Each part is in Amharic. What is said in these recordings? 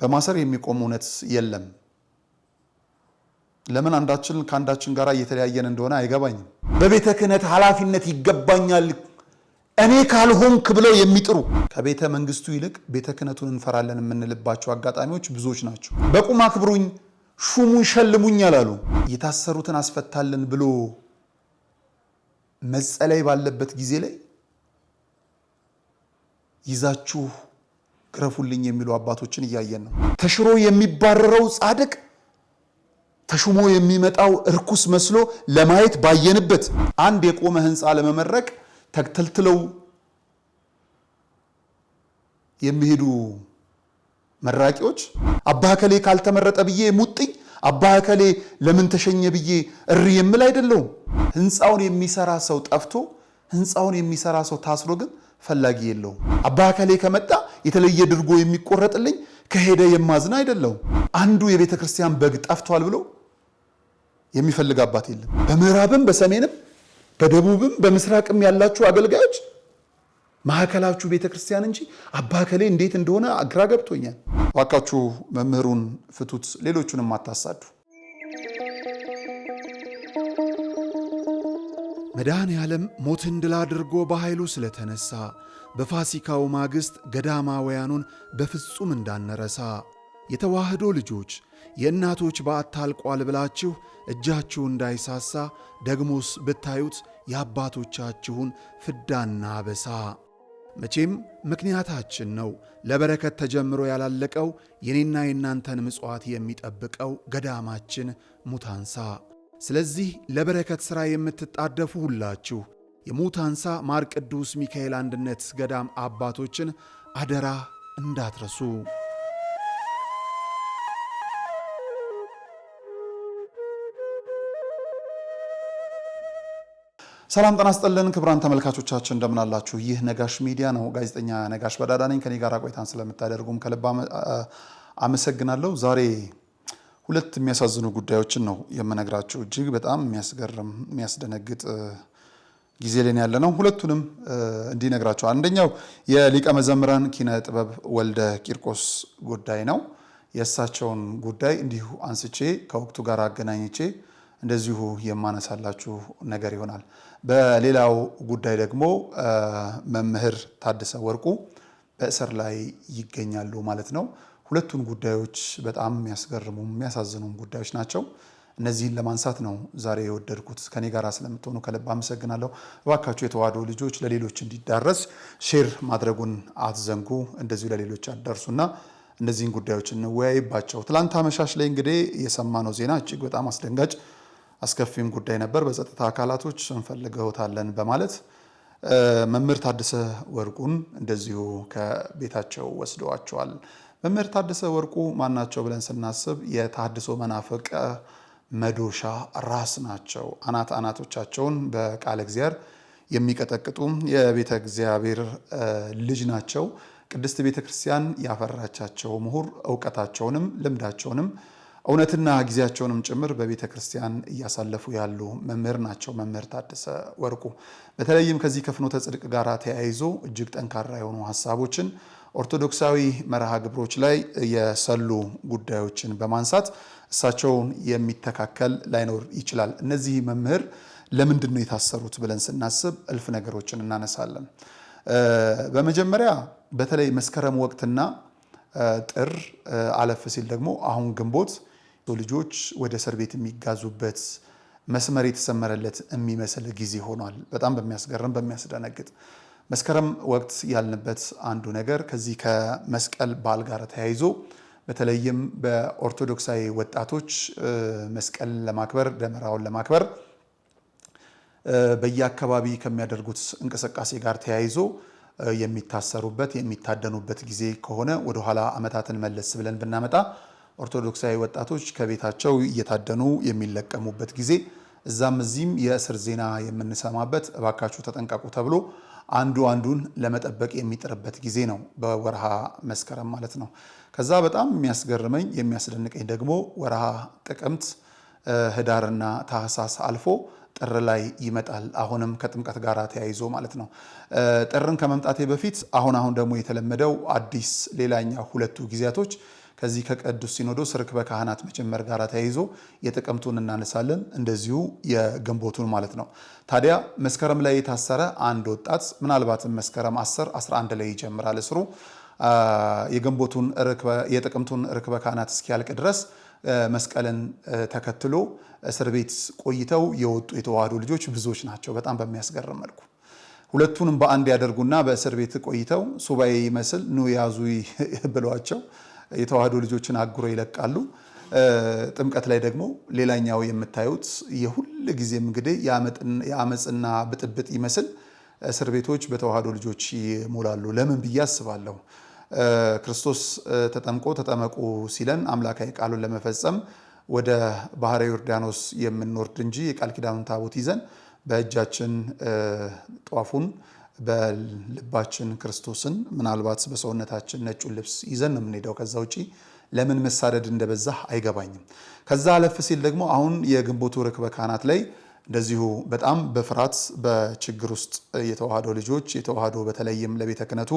በማሰር የሚቆም እውነት የለም። ለምን አንዳችን ከአንዳችን ጋር እየተለያየን እንደሆነ አይገባኝም። በቤተ ክህነት ኃላፊነት ይገባኛል እኔ ካልሆንክ ብለው የሚጥሩ ከቤተ መንግስቱ ይልቅ ቤተ ክህነቱን እንፈራለን የምንልባቸው አጋጣሚዎች ብዙዎች ናቸው። በቁም አክብሩኝ፣ ሹሙኝ፣ ሸልሙኝ ያላሉ የታሰሩትን አስፈታለን ብሎ መጸለይ ባለበት ጊዜ ላይ ይዛችሁ ግረፉልኝ የሚሉ አባቶችን እያየን ነው። ተሽሮ የሚባረረው ጻድቅ ተሹሞ የሚመጣው እርኩስ መስሎ ለማየት ባየንበት አንድ የቆመ ህንፃ ለመመረቅ ተተልትለው የሚሄዱ መራቂዎች አባ እከሌ ካልተመረጠ ብዬ ሙጥኝ፣ አባ እከሌ ለምን ተሸኘ ብዬ እሪ የምል አይደለውም። ህንፃውን የሚሰራ ሰው ጠፍቶ ህንፃውን የሚሰራ ሰው ታስሮ ግን ፈላጊ የለውም። አባ ከሌ ከመጣ የተለየ ድርጎ የሚቆረጥልኝ ከሄደ የማዝን አይደለውም። አንዱ የቤተ ክርስቲያን በግ ጠፍቷል ብሎ የሚፈልግ አባት የለም። በምዕራብም በሰሜንም በደቡብም በምስራቅም ያላችሁ አገልጋዮች ማዕከላችሁ ቤተ ክርስቲያን እንጂ አባ ከሌ እንዴት እንደሆነ ግራ ገብቶኛል። እባካችሁ መምህሩን ፍቱት፣ ሌሎቹንም አታሳዱ። መድኃኔ ዓለም ሞትን ድል አድርጎ በኃይሉ ስለተነሣ በፋሲካው ማግስት ገዳማውያኑን በፍጹም እንዳነረሳ የተዋህዶ ልጆች የእናቶች በዓት ብላችሁ እጃችሁ እንዳይሳሳ ደግሞስ ብታዩት የአባቶቻችሁን ፍዳና አበሳ። መቼም ምክንያታችን ነው ለበረከት ተጀምሮ ያላለቀው የኔና የእናንተን ምጽዋት የሚጠብቀው ገዳማችን ሙታንሳ ስለዚህ ለበረከት ሥራ የምትጣደፉ ሁላችሁ የሙት ማር ቅዱስ ሚካኤል አንድነት ገዳም አባቶችን አደራ እንዳትረሱ። ሰላም ጤና ይስጥልን ክቡራን ተመልካቾቻችን እንደምናላችሁ። ይህ ነጋሽ ሚዲያ ነው። ጋዜጠኛ ነጋሽ በዳዳ ነኝ። ከኔ ጋር ቆይታን ስለምታደርጉም ከልብ አመሰግናለሁ። ዛሬ ሁለት የሚያሳዝኑ ጉዳዮችን ነው የምነግራችሁ። እጅግ በጣም የሚያስገርም የሚያስደነግጥ ጊዜ ላይ ያለ ነው። ሁለቱንም እንዲነግራቸው አንደኛው የሊቀ መዘምራን ኪነ ጥበብ ወልደ ቂርቆስ ጉዳይ ነው። የእሳቸውን ጉዳይ እንዲሁ አንስቼ ከወቅቱ ጋር አገናኝቼ እንደዚሁ የማነሳላችሁ ነገር ይሆናል። በሌላው ጉዳይ ደግሞ መምህር ታደሰ ወርቁ በእስር ላይ ይገኛሉ ማለት ነው። ሁለቱን ጉዳዮች በጣም የሚያስገርሙ የሚያሳዝኑ ጉዳዮች ናቸው። እነዚህን ለማንሳት ነው ዛሬ የወደድኩት። ከኔ ጋር ስለምትሆኑ ከልብ አመሰግናለሁ። እባካችሁ የተዋሕዶ ልጆች ለሌሎች እንዲዳረስ ሼር ማድረጉን አትዘንጉ። እንደዚሁ ለሌሎች አዳርሱና እነዚህን ጉዳዮች እንወያይባቸው። ትላንት አመሻሽ ላይ እንግዲህ የሰማነው ዜና እጅግ በጣም አስደንጋጭ አስከፊም ጉዳይ ነበር። በጸጥታ አካላቶች እንፈልገውታለን በማለት መምህር ታደሰ ወርቁን እንደዚሁ ከቤታቸው ወስደዋቸዋል። መምህር ታደሰ ወርቁ ማናቸው ብለን ስናስብ የተሃድሶ መናፈቀ መዶሻ ራስ ናቸው። አናት አናቶቻቸውን በቃለ እግዚአብሔር የሚቀጠቅጡ የቤተ እግዚአብሔር ልጅ ናቸው። ቅድስት ቤተ ክርስቲያን ያፈራቻቸው ምሁር እውቀታቸውንም ልምዳቸውንም እውነትና ጊዜያቸውንም ጭምር በቤተ ክርስቲያን እያሳለፉ ያሉ መምህር ናቸው። መምህር ታደሰ ወርቁ በተለይም ከዚህ ከፍኖተ ጽድቅ ጋር ተያይዞ እጅግ ጠንካራ የሆኑ ሀሳቦችን ኦርቶዶክሳዊ መርሃ ግብሮች ላይ የሰሉ ጉዳዮችን በማንሳት እሳቸውን የሚተካከል ላይኖር ይችላል። እነዚህ መምህር ለምንድን ነው የታሰሩት ብለን ስናስብ እልፍ ነገሮችን እናነሳለን። በመጀመሪያ በተለይ መስከረም ወቅትና ጥር አለፍ ሲል ደግሞ አሁን ግንቦት ልጆች ወደ እስር ቤት የሚጋዙበት መስመር የተሰመረለት የሚመስል ጊዜ ሆኗል። በጣም በሚያስገርም በሚያስደነግጥ መስከረም ወቅት ያልንበት አንዱ ነገር ከዚህ ከመስቀል በዓል ጋር ተያይዞ በተለይም በኦርቶዶክሳዊ ወጣቶች መስቀልን ለማክበር ደመራውን ለማክበር በየአካባቢ ከሚያደርጉት እንቅስቃሴ ጋር ተያይዞ የሚታሰሩበት የሚታደኑበት ጊዜ ከሆነ ወደኋላ ዓመታትን መለስ ብለን ብናመጣ ኦርቶዶክሳዊ ወጣቶች ከቤታቸው እየታደኑ የሚለቀሙበት ጊዜ እዛም እዚህም የእስር ዜና የምንሰማበት እባካችሁ ተጠንቀቁ ተብሎ አንዱ አንዱን ለመጠበቅ የሚጥርበት ጊዜ ነው፣ በወርሃ መስከረም ማለት ነው። ከዛ በጣም የሚያስገርመኝ የሚያስደንቀኝ ደግሞ ወርሃ ጥቅምት፣ ህዳርና ታህሳስ አልፎ ጥር ላይ ይመጣል። አሁንም ከጥምቀት ጋር ተያይዞ ማለት ነው። ጥርን ከመምጣቴ በፊት አሁን አሁን ደግሞ የተለመደው አዲስ ሌላኛው ሁለቱ ጊዜያቶች ከዚህ ከቅዱስ ሲኖዶስ ርክበ ካህናት መጨመር ጋር ተያይዞ የጥቅምቱን እናነሳለን፣ እንደዚሁ የግንቦቱን ማለት ነው። ታዲያ መስከረም ላይ የታሰረ አንድ ወጣት ምናልባትም መስከረም 10 11 ላይ ይጀምራል እስሩ የግንቦቱን የጥቅምቱን ርክበ ካህናት እስኪያልቅ ድረስ መስቀልን ተከትሎ እስር ቤት ቆይተው የወጡ የተዋህዶ ልጆች ብዙዎች ናቸው። በጣም በሚያስገርም መልኩ ሁለቱንም በአንድ ያደርጉና በእስር ቤት ቆይተው ሱባኤ ይመስል ኑ ያዙ ብለቸው። የተዋህዶ ልጆችን አጉረው ይለቃሉ። ጥምቀት ላይ ደግሞ ሌላኛው የምታዩት የሁል ጊዜም እንግዲህ የአመፅና ብጥብጥ ይመስል እስር ቤቶች በተዋህዶ ልጆች ይሞላሉ። ለምን ብዬ አስባለሁ። ክርስቶስ ተጠምቆ ተጠመቁ ሲለን አምላካዊ ቃሉን ለመፈጸም ወደ ባህረ ዮርዳኖስ የምንወርድ እንጂ የቃል ኪዳኑን ታቦት ይዘን በእጃችን ጧፉን በልባችን ክርስቶስን ምናልባት በሰውነታችን ነጩን ልብስ ይዘን ነው የምንሄደው። ከዛ ውጪ ለምን መሳደድ እንደበዛ አይገባኝም። ከዛ አለፍ ሲል ደግሞ አሁን የግንቦቱ ርክበ ካህናት ላይ እንደዚሁ በጣም በፍርሃት በችግር ውስጥ የተዋህዶ ልጆች የተዋህዶ በተለይም ለቤተ ክህነቱ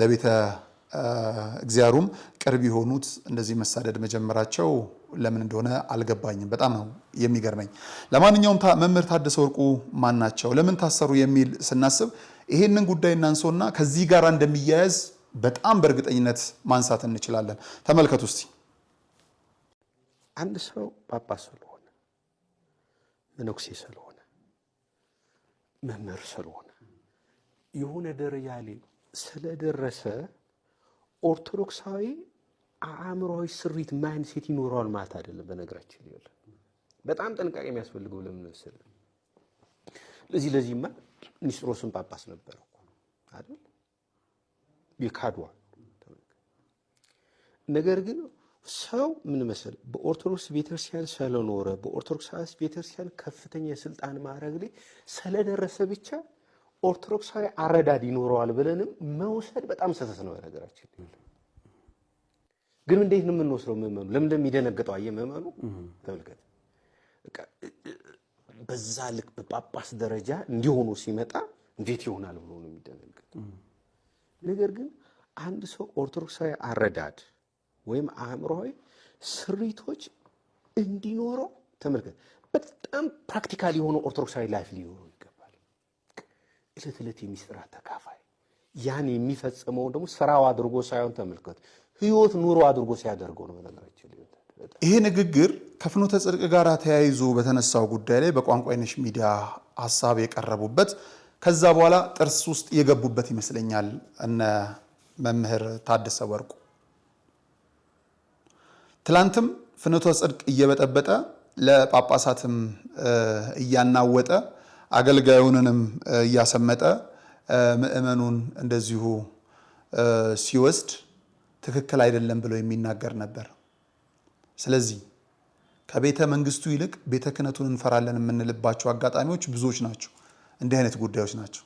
ለቤተ እግዚአብሔሩም ቅርብ የሆኑት እንደዚህ መሳደድ መጀመራቸው ለምን እንደሆነ አልገባኝም። በጣም ነው የሚገርመኝ። ለማንኛውም መምህር ታደሰ ወርቁ ማን ናቸው? ለምን ታሰሩ? የሚል ስናስብ ይሄንን ጉዳይ እናንሰውና ከዚህ ጋር እንደሚያያዝ በጣም በእርግጠኝነት ማንሳት እንችላለን። ተመልከቱ እስቲ። አንድ ሰው ጳጳስ ስለሆነ፣ መነኩሴ ስለሆነ፣ መምህር ስለሆነ የሆነ ደረጃ ላይ ስለደረሰ ኦርቶዶክሳዊ አእምሮዊ ስሪት ማይንሴት ይኖረዋል ማለት አይደለም። በነገራችን ላይ በጣም ጥንቃቄ የሚያስፈልገው ለምን መሰለህ? ለዚህ ለዚህማ ኒስጥሮስን ጳጳስ ነበር እኮ አይደል? የካድዋ ነገር ግን ሰው ምን መሰለህ በኦርቶዶክስ ቤተክርስቲያን ስለኖረ በኦርቶዶክስ ቤተክርስቲያን ከፍተኛ የስልጣን ማዕረግ ላይ ስለደረሰ ብቻ ኦርቶዶክሳዊ አረዳድ ይኖረዋል ብለንም መውሰድ በጣም ስህተት ነው። ነገራችን ግን እንዴት ነው የምንወስደው? ምዕመኑ ለምን እንደሚደነግጠው አየህ፣ ምዕመኑ ተመልከት። በዛ ልክ በጳጳስ ደረጃ እንዲሆኑ ሲመጣ እንዴት ይሆናል ብሎ ነው የሚደነግጥ። ነገር ግን አንድ ሰው ኦርቶዶክሳዊ አረዳድ ወይም አእምሮዊ ስሪቶች እንዲኖረው ተመልከት፣ በጣም ፕራክቲካል የሆነ ኦርቶዶክሳዊ ላይፍ ሊኖረው እለት እለት የሚስጥራት ተካፋይ ያን የሚፈጽመውን ደግሞ ስራው አድርጎ ሳይሆን ተመልከቱ፣ ህይወት ኑሮ አድርጎ ሲያደርገው ነው። በነገራችን ይሄ ንግግር ከፍኖተ ጽድቅ ጋር ተያይዞ በተነሳው ጉዳይ ላይ በቋንቋይነሽ ሚዲያ ሀሳብ የቀረቡበት ከዛ በኋላ ጥርስ ውስጥ የገቡበት ይመስለኛል እነ መምህር ታደሰ ወርቁ ትላንትም ፍኖተ ጽድቅ እየበጠበጠ ለጳጳሳትም እያናወጠ አገልጋዩንንም እያሰመጠ ምእመኑን እንደዚሁ ሲወስድ ትክክል አይደለም ብለው የሚናገር ነበር። ስለዚህ ከቤተ መንግስቱ ይልቅ ቤተ ክህነቱን እንፈራለን የምንልባቸው አጋጣሚዎች ብዙዎች ናቸው። እንዲህ አይነት ጉዳዮች ናቸው።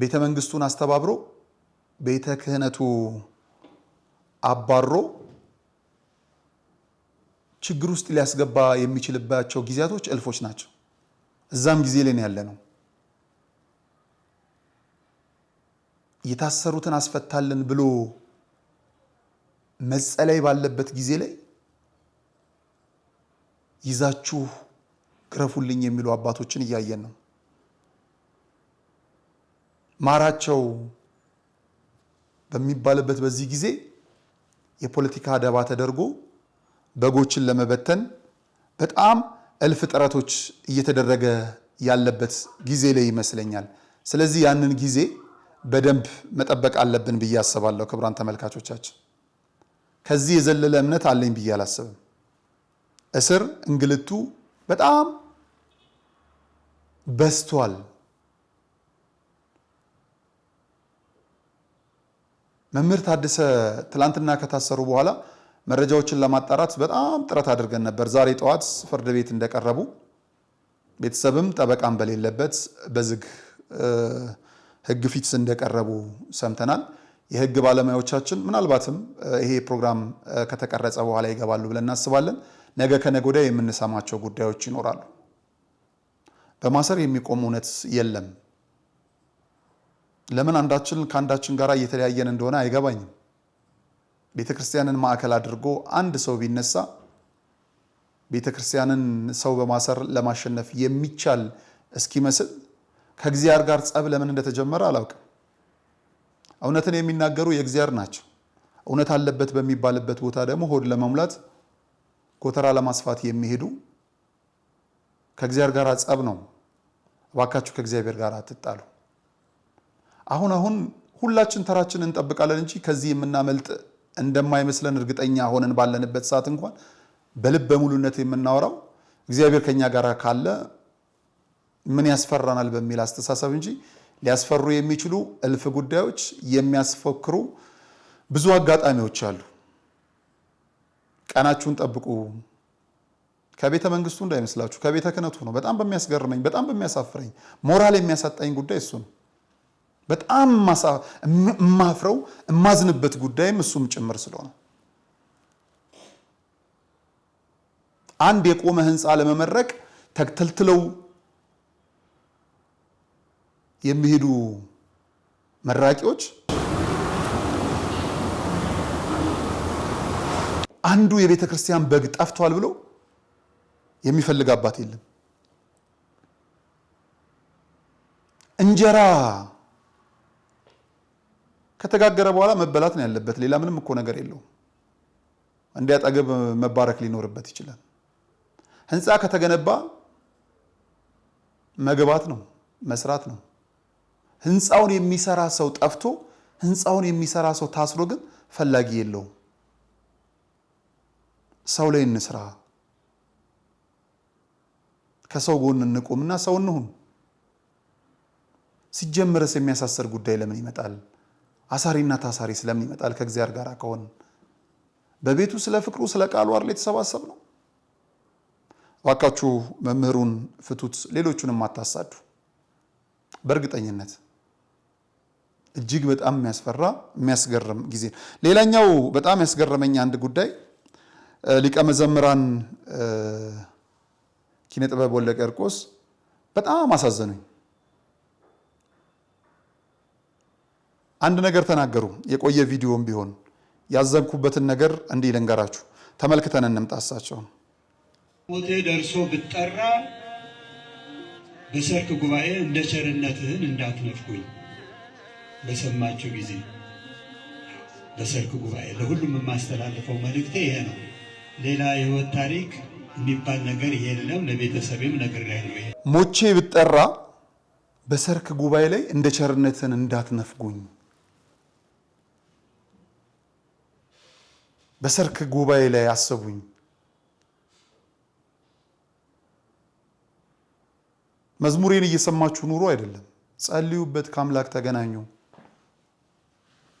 ቤተ መንግስቱን አስተባብሮ ቤተ ክህነቱ አባሮ ችግር ውስጥ ሊያስገባ የሚችልባቸው ጊዜያቶች እልፎች ናቸው። እዛም ጊዜ ላይ ያለ ነው። የታሰሩትን አስፈታልን ብሎ መጸለይ ባለበት ጊዜ ላይ ይዛችሁ ግረፉልኝ የሚሉ አባቶችን እያየን ነው። ማራቸው በሚባልበት በዚህ ጊዜ የፖለቲካ አደባ ተደርጎ በጎችን ለመበተን በጣም እልፍ ጥረቶች እየተደረገ ያለበት ጊዜ ላይ ይመስለኛል። ስለዚህ ያንን ጊዜ በደንብ መጠበቅ አለብን ብዬ አስባለሁ። ክቡራን ተመልካቾቻችን ከዚህ የዘለለ እምነት አለኝ ብዬ አላስብም። እስር እንግልቱ በጣም በዝቷል። መምህር ታደሰ ትላንትና ከታሰሩ በኋላ መረጃዎችን ለማጣራት በጣም ጥረት አድርገን ነበር። ዛሬ ጠዋት ፍርድ ቤት እንደቀረቡ ቤተሰብም ጠበቃም በሌለበት በዝግ ህግ ፊት እንደቀረቡ ሰምተናል። የህግ ባለሙያዎቻችን ምናልባትም ይሄ ፕሮግራም ከተቀረጸ በኋላ ይገባሉ ብለን እናስባለን። ነገ ከነገ ወዲያ የምንሰማቸው ጉዳዮች ይኖራሉ። በማሰር የሚቆም እውነት የለም። ለምን አንዳችን ከአንዳችን ጋር እየተለያየን እንደሆነ አይገባኝም። ቤተ ክርስቲያንን ማዕከል አድርጎ አንድ ሰው ቢነሳ ቤተ ክርስቲያንን ሰው በማሰር ለማሸነፍ የሚቻል እስኪመስል ከእግዚአብሔር ጋር ጸብ ለምን እንደተጀመረ አላውቅም። እውነትን የሚናገሩ የእግዚአብሔር ናቸው። እውነት አለበት በሚባልበት ቦታ ደግሞ ሆድ ለመሙላት ጎተራ ለማስፋት የሚሄዱ ከእግዚአብሔር ጋር ጸብ ነው። እባካችሁ ከእግዚአብሔር ጋር አትጣሉ። አሁን አሁን ሁላችን ተራችን እንጠብቃለን እንጂ ከዚህ የምናመልጥ እንደማይመስለን እርግጠኛ ሆነን ባለንበት ሰዓት እንኳን በልብ በሙሉነት የምናወራው እግዚአብሔር ከኛ ጋር ካለ ምን ያስፈራናል በሚል አስተሳሰብ እንጂ ሊያስፈሩ የሚችሉ እልፍ ጉዳዮች የሚያስፎክሩ ብዙ አጋጣሚዎች አሉ። ቀናችሁን ጠብቁ። ከቤተ መንግስቱ እንዳይመስላችሁ፣ ከቤተ ክህነቱ ነው። በጣም በሚያስገርመኝ በጣም በሚያሳፍረኝ ሞራል የሚያሳጣኝ ጉዳይ እሱ ነው። በጣም የማፍረው የማዝንበት ጉዳይም እሱም ጭምር ስለሆነ አንድ የቆመ ህንፃ ለመመረቅ ተተልትለው የሚሄዱ መራቂዎች አንዱ የቤተ ክርስቲያን በግ ጠፍቷል ብሎ የሚፈልግ አባት የለም። እንጀራ ከተጋገረ በኋላ መበላት ነው ያለበት። ሌላ ምንም እኮ ነገር የለውም። እንዲያጠግብ መባረክ ሊኖርበት ይችላል። ህንፃ ከተገነባ መግባት ነው መስራት ነው። ህንፃውን የሚሰራ ሰው ጠፍቶ ህንፃውን የሚሰራ ሰው ታስሮ ግን ፈላጊ የለውም። ሰው ላይ እንስራ፣ ከሰው ጎን እንቁምና ሰው እንሁን። ሲጀምረስ የሚያሳሰር ጉዳይ ለምን ይመጣል? አሳሪና ታሳሪ ስለምን ይመጣል? ከእግዚአብሔር ጋር ከሆን በቤቱ ስለ ፍቅሩ ስለ ቃሉ አይደል የተሰባሰብ ነው። እባካችሁ መምህሩን ፍቱት፣ ሌሎቹንም አታሳዱ። በእርግጠኝነት እጅግ በጣም የሚያስፈራ የሚያስገርም ጊዜ። ሌላኛው በጣም ያስገረመኝ አንድ ጉዳይ ሊቀ መዘምራን ኪነ ጥበብ ወልደ ቂርቆስ በጣም አሳዘኑኝ። አንድ ነገር ተናገሩ። የቆየ ቪዲዮም ቢሆን ያዘንኩበትን ነገር እንዲህ ልንገራችሁ፣ ተመልክተን እንምጣሳቸው። ሞቴ ደርሶ ብጠራ በሰርክ ጉባኤ እንደ ቸርነትህን እንዳትነፍኩኝ። በሰማችሁ ጊዜ በሰርክ ጉባኤ ለሁሉም የማስተላልፈው መልእክቴ ይሄ ነው። ሌላ የህይወት ታሪክ የሚባል ነገር የለም። ለቤተሰብም ነገር ሞቼ ብጠራ በሰርክ ጉባኤ ላይ እንደ ቸርነትን እንዳትነፍጉኝ በሰርክ ጉባኤ ላይ አሰቡኝ። መዝሙሬን እየሰማችሁ ኑሮ አይደለም፣ ጸልዩበት፣ ከአምላክ ተገናኙ፣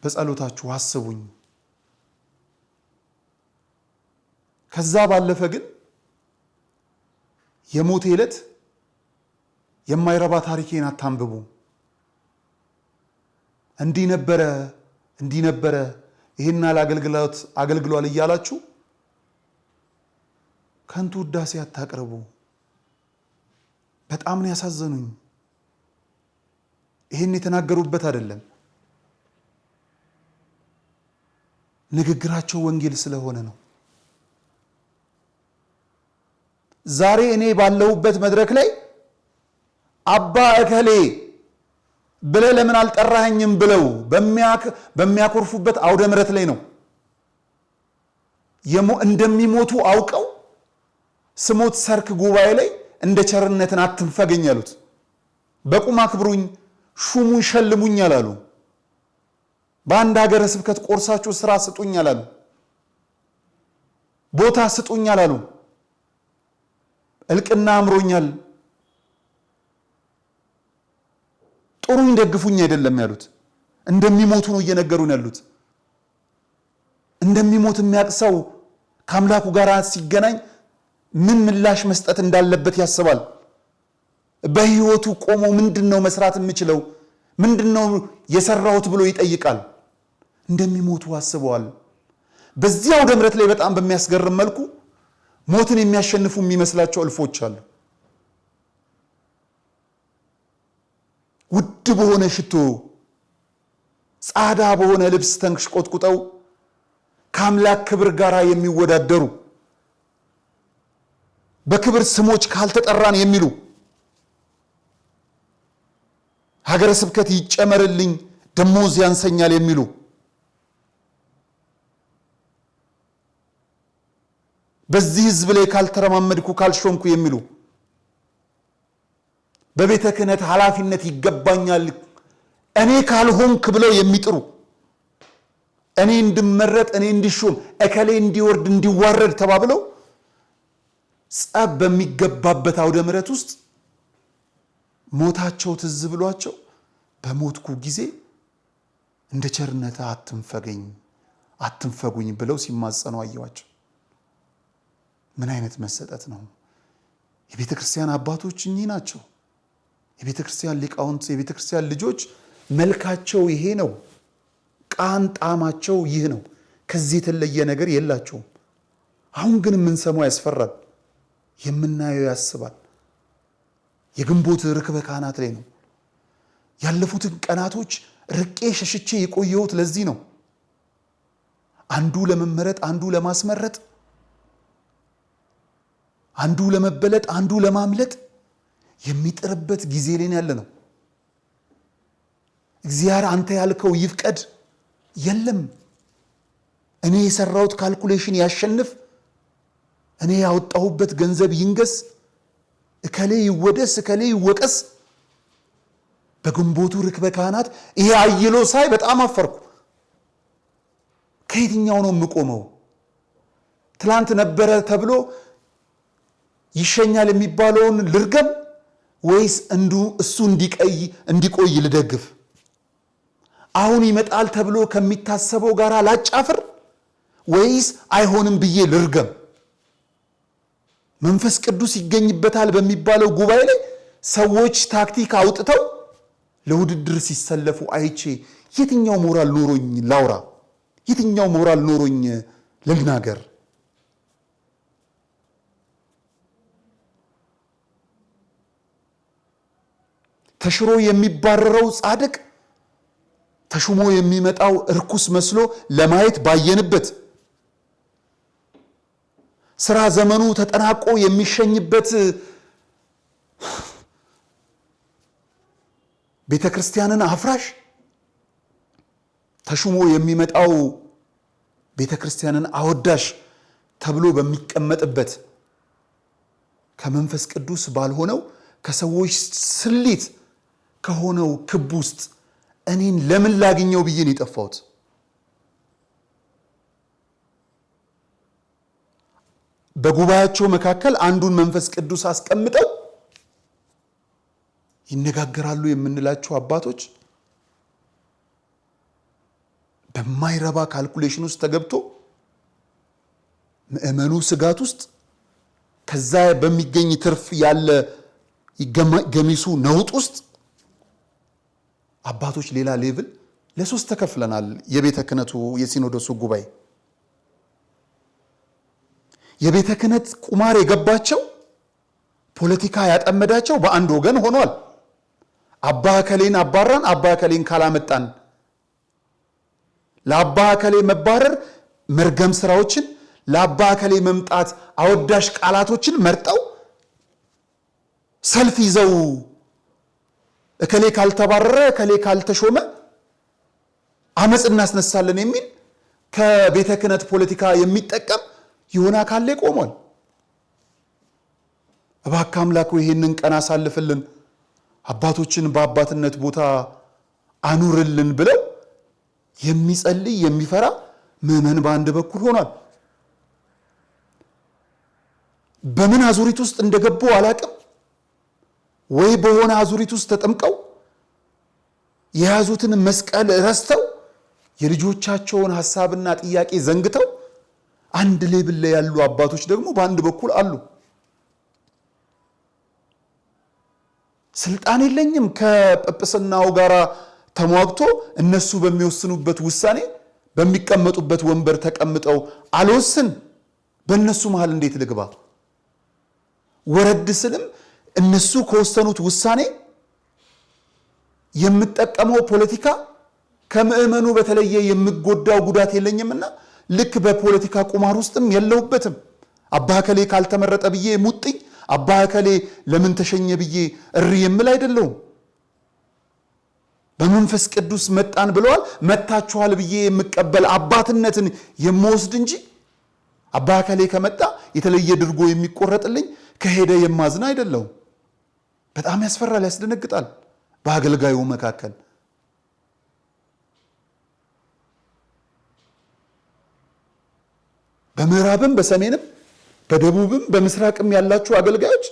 በጸሎታችሁ አስቡኝ። ከዛ ባለፈ ግን የሞቴ ዕለት የማይረባ ታሪኬን አታንብቡ። እንዲህ ነበረ እንዲህ ነበረ ይህን ያህል አገልግሎት አገልግሏል እያላችሁ ከንቱ ውዳሴ አታቅርቡ። በጣም ነው ያሳዘኑኝ። ይህን የተናገሩበት አይደለም ንግግራቸው ወንጌል ስለሆነ ነው። ዛሬ እኔ ባለሁበት መድረክ ላይ አባ እከሌ ብለህ ለምን አልጠራኸኝም ብለው በሚያኮርፉበት አውደ ምረት ላይ ነው እንደሚሞቱ አውቀው ስሞት ሰርክ ጉባኤ ላይ እንደ ቸርነትን አትንፈገኝ አሉት። በቁም አክብሩኝ፣ ሹሙኝ፣ ሸልሙኝ አላሉ። በአንድ ሀገረ ስብከት ቆርሳችሁ ስራ ስጡኝ አላሉ። ቦታ ስጡኝ አላሉ። እልቅና አምሮኛል ጦሩን ደግፉኝ አይደለም ያሉት፣ እንደሚሞቱ ነው እየነገሩን ያሉት። እንደሚሞት የሚያውቅ ሰው ከአምላኩ ጋር ሲገናኝ ምን ምላሽ መስጠት እንዳለበት ያስባል። በህይወቱ ቆሞ ምንድን ነው መስራት የምችለው ምንድን ነው የሰራሁት ብሎ ይጠይቃል። እንደሚሞቱ አስበዋል። በዚያው ደምረት ላይ በጣም በሚያስገርም መልኩ ሞትን የሚያሸንፉ የሚመስላቸው እልፎች አሉ። ውድ በሆነ ሽቶ ጻዳ በሆነ ልብስ ተንሽቆጥቁጠው ከአምላክ ክብር ጋር የሚወዳደሩ በክብር ስሞች ካልተጠራን የሚሉ ሀገረ ስብከት ይጨመርልኝ ደሞዝ ያንሰኛል የሚሉ በዚህ ሕዝብ ላይ ካልተረማመድኩ ካልሾምኩ የሚሉ በቤተ ክህነት ኃላፊነት ይገባኛል እኔ ካልሆንክ ብለው የሚጥሩ እኔ እንድመረጥ እኔ እንድሾም እከሌ እንዲወርድ እንዲዋረድ ተባብለው ጸብ በሚገባበት አውደ ምረት ውስጥ ሞታቸው ትዝ ብሏቸው በሞትኩ ጊዜ እንደ ቸርነት አትንፈገኝ አትንፈጉኝ ብለው ሲማጸኑ አየዋቸው። ምን አይነት መሰጠት ነው! የቤተ ክርስቲያን አባቶች እኚህ ናቸው። የቤተ ክርስቲያን ሊቃውንት፣ የቤተ ክርስቲያን ልጆች መልካቸው ይሄ ነው፣ ቃን ጣማቸው ይህ ነው። ከዚህ የተለየ ነገር የላቸውም። አሁን ግን የምንሰማው ያስፈራል፣ የምናየው ያስባል። የግንቦት ርክበ ካህናት ላይ ነው ያለፉትን ቀናቶች ርቄ ሸሽቼ የቆየሁት ለዚህ ነው። አንዱ ለመመረጥ፣ አንዱ ለማስመረጥ፣ አንዱ ለመበለጥ፣ አንዱ ለማምለጥ የሚጥርበት ጊዜ ላይ ያለ ነው። እግዚአብሔር አንተ ያልከው ይፍቀድ የለም። እኔ የሰራሁት ካልኩሌሽን ያሸንፍ፣ እኔ ያወጣሁበት ገንዘብ ይንገስ፣ እከሌ ይወደስ፣ እከሌ ይወቀስ። በግንቦቱ ርክበ ካህናት ይሄ አይሎ ሳይ በጣም አፈርኩ። ከየትኛው ነው የምቆመው? ትላንት ነበረ ተብሎ ይሸኛል የሚባለውን ልርገም ወይስ እሱ እንዲቀይ እንዲቆይ ልደግፍ? አሁን ይመጣል ተብሎ ከሚታሰበው ጋር ላጫፍር ወይስ አይሆንም ብዬ ልርገም? መንፈስ ቅዱስ ይገኝበታል በሚባለው ጉባኤ ላይ ሰዎች ታክቲክ አውጥተው ለውድድር ሲሰለፉ አይቼ የትኛው ሞራል ኖሮኝ ላውራ? የትኛው ሞራል ኖሮኝ ልናገር? ተሽሮ የሚባረረው ጻድቅ ተሹሞ የሚመጣው እርኩስ መስሎ ለማየት ባየንበት ስራ ዘመኑ ተጠናቆ የሚሸኝበት ቤተ ክርስቲያንን አፍራሽ ተሹሞ የሚመጣው ቤተ ክርስቲያንን አወዳሽ ተብሎ በሚቀመጥበት ከመንፈስ ቅዱስ ባልሆነው ከሰዎች ስሊት ከሆነው ክብ ውስጥ እኔን ለምን ላግኘው ብዬ ነው የጠፋሁት። በጉባኤያቸው መካከል አንዱን መንፈስ ቅዱስ አስቀምጠው ይነጋገራሉ የምንላቸው አባቶች በማይረባ ካልኩሌሽን ውስጥ ተገብቶ ምዕመኑ ስጋት ውስጥ ከዛ በሚገኝ ትርፍ ያለ ገሚሱ ነውጥ ውስጥ አባቶች ሌላ ሌቭል ለሶስት ተከፍለናል። የቤተ ክህነቱ የሲኖዶሱ ጉባኤ የቤተ ክህነት ቁማር የገባቸው ፖለቲካ ያጠመዳቸው በአንድ ወገን ሆኗል። አባ አባራን፣ አባ ካላመጣን ለአባ መባረር መርገም ስራዎችን ለአባ መምጣት አወዳሽ ቃላቶችን መርጠው ሰልፍ ይዘው እከሌ ካልተባረረ እከሌ ካልተሾመ አመፅ እናስነሳለን የሚል ከቤተ ክህነት ፖለቲካ የሚጠቀም የሆነ አካል ላይ ቆሟል። እባክህ አምላክ ይህንን ቀን አሳልፍልን፣ አባቶችን በአባትነት ቦታ አኑርልን ብለው የሚጸልይ የሚፈራ ምዕመን በአንድ በኩል ሆኗል። በምን አዙሪት ውስጥ እንደገቡ አላቅም። ወይ በሆነ አዙሪት ውስጥ ተጠምቀው የያዙትን መስቀል ረስተው የልጆቻቸውን ሀሳብና ጥያቄ ዘንግተው አንድ ሌብል ላይ ያሉ አባቶች ደግሞ በአንድ በኩል አሉ። ስልጣን የለኝም ከጵጵስናው ጋር ተሟግቶ እነሱ በሚወስኑበት ውሳኔ በሚቀመጡበት ወንበር ተቀምጠው አልወስን፣ በእነሱ መሃል እንዴት ልግባ? ወረድ ስልም እነሱ ከወሰኑት ውሳኔ የምጠቀመው ፖለቲካ ከምዕመኑ በተለየ የምጎዳው ጉዳት የለኝምና ልክ በፖለቲካ ቁማር ውስጥም የለውበትም። አባ ከሌ ካልተመረጠ ብዬ ሙጥኝ፣ አባ ከሌ ለምን ተሸኘ ብዬ እሪ የምል አይደለውም። በመንፈስ ቅዱስ መጣን ብለዋል መታችኋል ብዬ የምቀበል አባትነትን የምወስድ እንጂ አባ ከሌ ከመጣ የተለየ ድርጎ የሚቆረጥልኝ ከሄደ የማዝን አይደለውም። በጣም ያስፈራል፣ ያስደነግጣል። በአገልጋዩ መካከል በምዕራብም በሰሜንም በደቡብም በምስራቅም ያላችሁ አገልጋዮች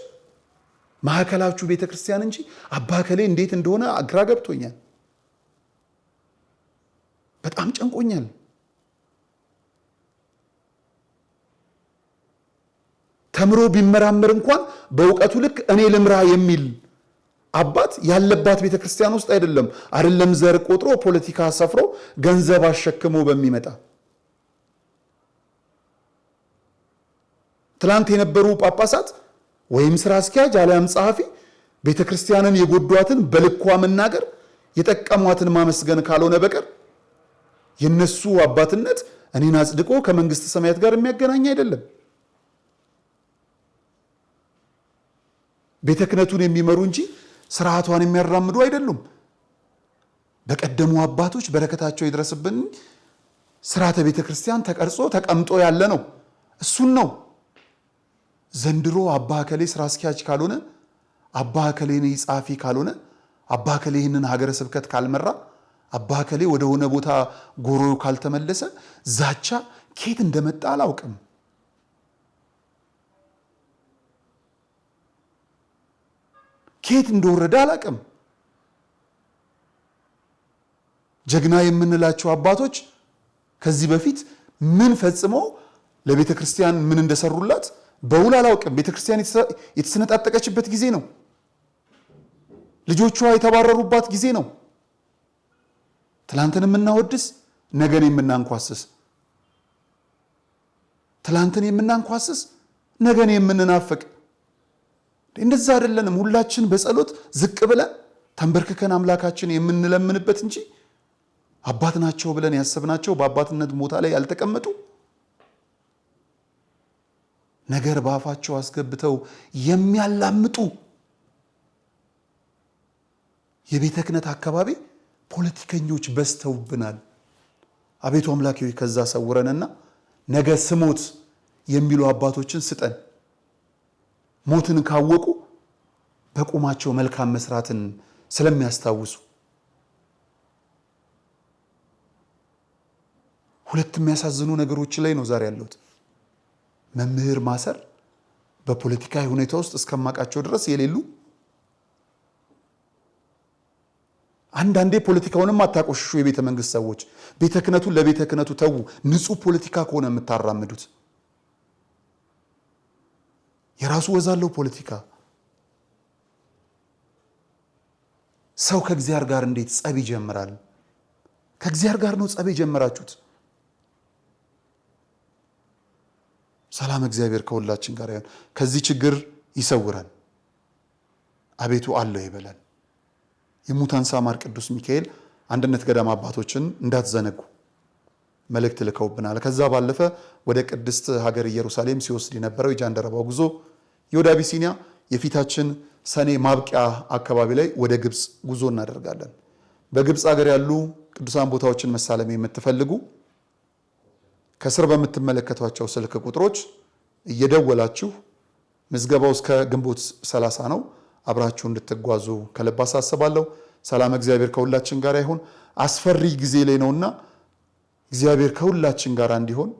ማዕከላችሁ ቤተ ክርስቲያን እንጂ አባ ከሌ እንዴት እንደሆነ ግራ ገብቶኛል። በጣም ጨንቆኛል። ተምሮ ቢመራመር እንኳን በእውቀቱ ልክ እኔ ልምራ የሚል አባት ያለባት ቤተ ክርስቲያን ውስጥ አይደለም። አይደለም ዘር ቆጥሮ ፖለቲካ ሰፍሮ ገንዘብ አሸክሞ በሚመጣ ትላንት የነበሩ ጳጳሳት ወይም ስራ አስኪያጅ አሊያም ጸሐፊ ቤተ ክርስቲያንን የጎዷትን በልኳ መናገር የጠቀሟትን ማመስገን ካልሆነ በቀር የነሱ አባትነት እኔን አጽድቆ ከመንግስት ሰማያት ጋር የሚያገናኝ አይደለም። ቤተ ክህነቱን የሚመሩ እንጂ ስርዓቷን የሚያራምዱ አይደሉም። በቀደሙ አባቶች በረከታቸው ይድረስብን ስርዓተ ቤተ ክርስቲያን ተቀርጾ ተቀምጦ ያለ ነው። እሱን ነው ዘንድሮ አባ ከሌ ስራ አስኪያጅ ካልሆነ አባ ከሌ ጸሐፊ ካልሆነ አባ ከሌ ይህንን ሀገረ ስብከት ካልመራ አባ ከሌ ወደሆነ ቦታ ጎሮ ካልተመለሰ ዛቻ ኬት እንደመጣ አላውቅም። ከየት እንደወረደ አላቅም። ጀግና የምንላቸው አባቶች ከዚህ በፊት ምን ፈጽመው ለቤተ ክርስቲያን ምን እንደሰሩላት በውል አላውቅም። ቤተ ክርስቲያን የተሰነጣጠቀችበት ጊዜ ነው። ልጆቿ የተባረሩባት ጊዜ ነው። ትላንትን የምናወድስ ነገን የምናንኳስስ ትላንትን የምናንኳስስ ነገን የምንናፍቅ እንደዛ አይደለንም። ሁላችን በጸሎት ዝቅ ብለን ተንበርክከን አምላካችን የምንለምንበት እንጂ አባት ናቸው ብለን ያሰብናቸው በአባትነት ቦታ ላይ ያልተቀመጡ ነገር በአፋቸው አስገብተው የሚያላምጡ የቤተ ክህነት አካባቢ ፖለቲከኞች በዝተውብናል። አቤቱ አምላኬ ከዛ ሰውረንና ነገ ስሞት የሚሉ አባቶችን ስጠን። ሞትን ካወቁ በቁማቸው መልካም መስራትን ስለሚያስታውሱ ሁለት የሚያሳዝኑ ነገሮች ላይ ነው ዛሬ ያለሁት። መምህር ማሰር በፖለቲካዊ ሁኔታ ውስጥ እስከማውቃቸው ድረስ የሌሉ አንዳንዴ ፖለቲካውንም አታቆሽሹ የቤተ መንግስት ሰዎች ቤተ ክህነቱን ለቤተ ክህነቱ ተዉ። ንጹህ ፖለቲካ ከሆነ የምታራምዱት የራሱ ወዛለው ፖለቲካ። ሰው ከእግዚአብሔር ጋር እንዴት ጸብ ይጀምራል? ከእግዚአብሔር ጋር ነው ጸብ የጀመራችሁት። ሰላም እግዚአብሔር ከሁላችን ጋር ይሁን። ከዚህ ችግር ይሰውራል አቤቱ አለው ይበላል። የሙታን ሳማር ቅዱስ ሚካኤል አንድነት ገዳም አባቶችን እንዳትዘነጉ። መልእክት ልከውብናል። ከዛ ባለፈ ወደ ቅድስት ሀገር ኢየሩሳሌም ሲወስድ የነበረው የጃንደረባው ጉዞ የወደ አቢሲኒያ የፊታችን ሰኔ ማብቂያ አካባቢ ላይ ወደ ግብፅ ጉዞ እናደርጋለን። በግብፅ ሀገር ያሉ ቅዱሳን ቦታዎችን መሳለም የምትፈልጉ ከስር በምትመለከቷቸው ስልክ ቁጥሮች እየደወላችሁ ምዝገባው እስከ ግንቦት 30 ነው። አብራችሁ እንድትጓዙ ከልብ አሳስባለሁ። ሰላም እግዚአብሔር ከሁላችን ጋር ይሁን። አስፈሪ ጊዜ ላይ ነውና እግዚአብሔር ከሁላችን ጋር እንዲሆን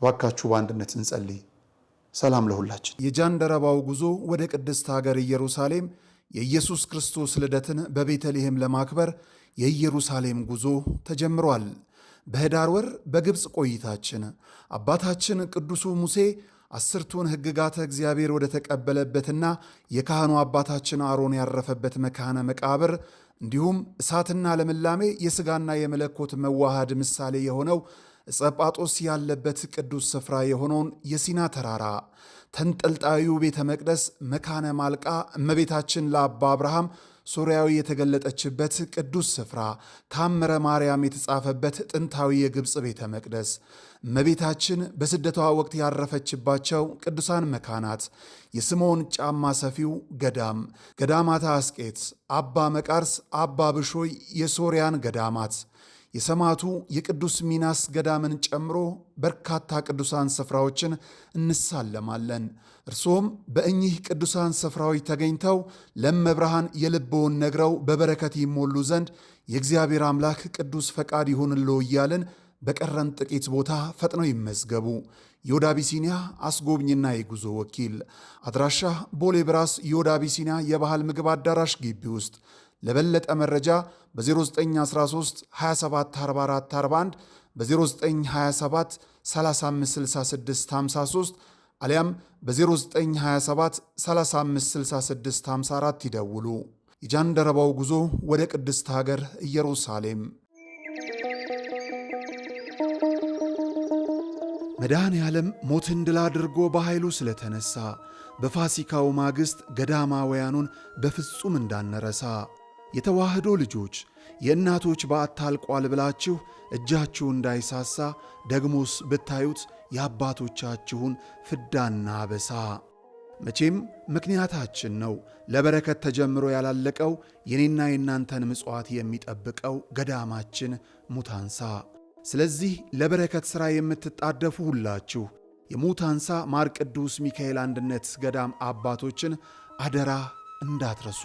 እባካችሁ በአንድነት እንጸልይ። ሰላም ለሁላችን። የጃንደረባው ጉዞ ወደ ቅድስት ሀገር ኢየሩሳሌም የኢየሱስ ክርስቶስ ልደትን በቤተልሔም ለማክበር የኢየሩሳሌም ጉዞ ተጀምሯል። በህዳር ወር በግብፅ ቆይታችን አባታችን ቅዱሱ ሙሴ አስርቱን ሕግጋተ እግዚአብሔር ወደ ተቀበለበትና የካህኑ አባታችን አሮን ያረፈበት መካነ መቃብር እንዲሁም እሳትና ልምላሜ የሥጋና የመለኮት መዋሃድ ምሳሌ የሆነው ዕፀ ጳጦስ ያለበት ቅዱስ ስፍራ የሆነውን የሲና ተራራ ተንጠልጣዩ ቤተ መቅደስ መካነ ማልቃ እመቤታችን ለአባ አብርሃም ሶርያዊ የተገለጠችበት ቅዱስ ስፍራ፣ ታምረ ማርያም የተጻፈበት ጥንታዊ የግብፅ ቤተ መቅደስ፣ እመቤታችን በስደቷ ወቅት ያረፈችባቸው ቅዱሳን መካናት፣ የስምዖን ጫማ ሰፊው ገዳም፣ ገዳማተ አስቄት፣ አባ መቃርስ፣ አባ ብሾይ፣ የሶርያን ገዳማት የሰማዕቱ የቅዱስ ሚናስ ገዳምን ጨምሮ በርካታ ቅዱሳን ስፍራዎችን እንሳለማለን። እርሶም በእኚህ ቅዱሳን ስፍራዎች ተገኝተው ለመብርሃን የልቦውን ነግረው በበረከት ይሞሉ ዘንድ የእግዚአብሔር አምላክ ቅዱስ ፈቃድ ይሁንልዎ እያልን በቀረን ጥቂት ቦታ ፈጥነው ይመዝገቡ። ዮድ አቢሲኒያ አስጎብኝና የጉዞ ወኪል አድራሻ ቦሌ ብራስ ዮድ አቢሲኒያ የባህል ምግብ አዳራሽ ግቢ ውስጥ ለበለጠ መረጃ በ0913 274441 በ0927 356653 አሊያም በ0927 356654 ይደውሉ። የጃንደረባው ጉዞ ወደ ቅድስት ሀገር ኢየሩሳሌም። መድኃኔ ዓለም ሞትን ድል አድርጎ በኃይሉ ስለተነሳ በፋሲካው ማግስት ገዳማውያኑን በፍጹም እንዳንረሳ የተዋህዶ ልጆች የእናቶች በአታልቋል ብላችሁ እጃችሁ እንዳይሳሳ ደግሞስ ብታዩት የአባቶቻችሁን ፍዳና አበሳ። መቼም ምክንያታችን ነው ለበረከት ተጀምሮ ያላለቀው የኔና የእናንተን ምጽዋት የሚጠብቀው ገዳማችን ሙታንሳ። ስለዚህ ለበረከት ሥራ የምትጣደፉ ሁላችሁ የሙታንሳ ማር ቅዱስ ሚካኤል አንድነት ገዳም አባቶችን አደራ እንዳትረሱ።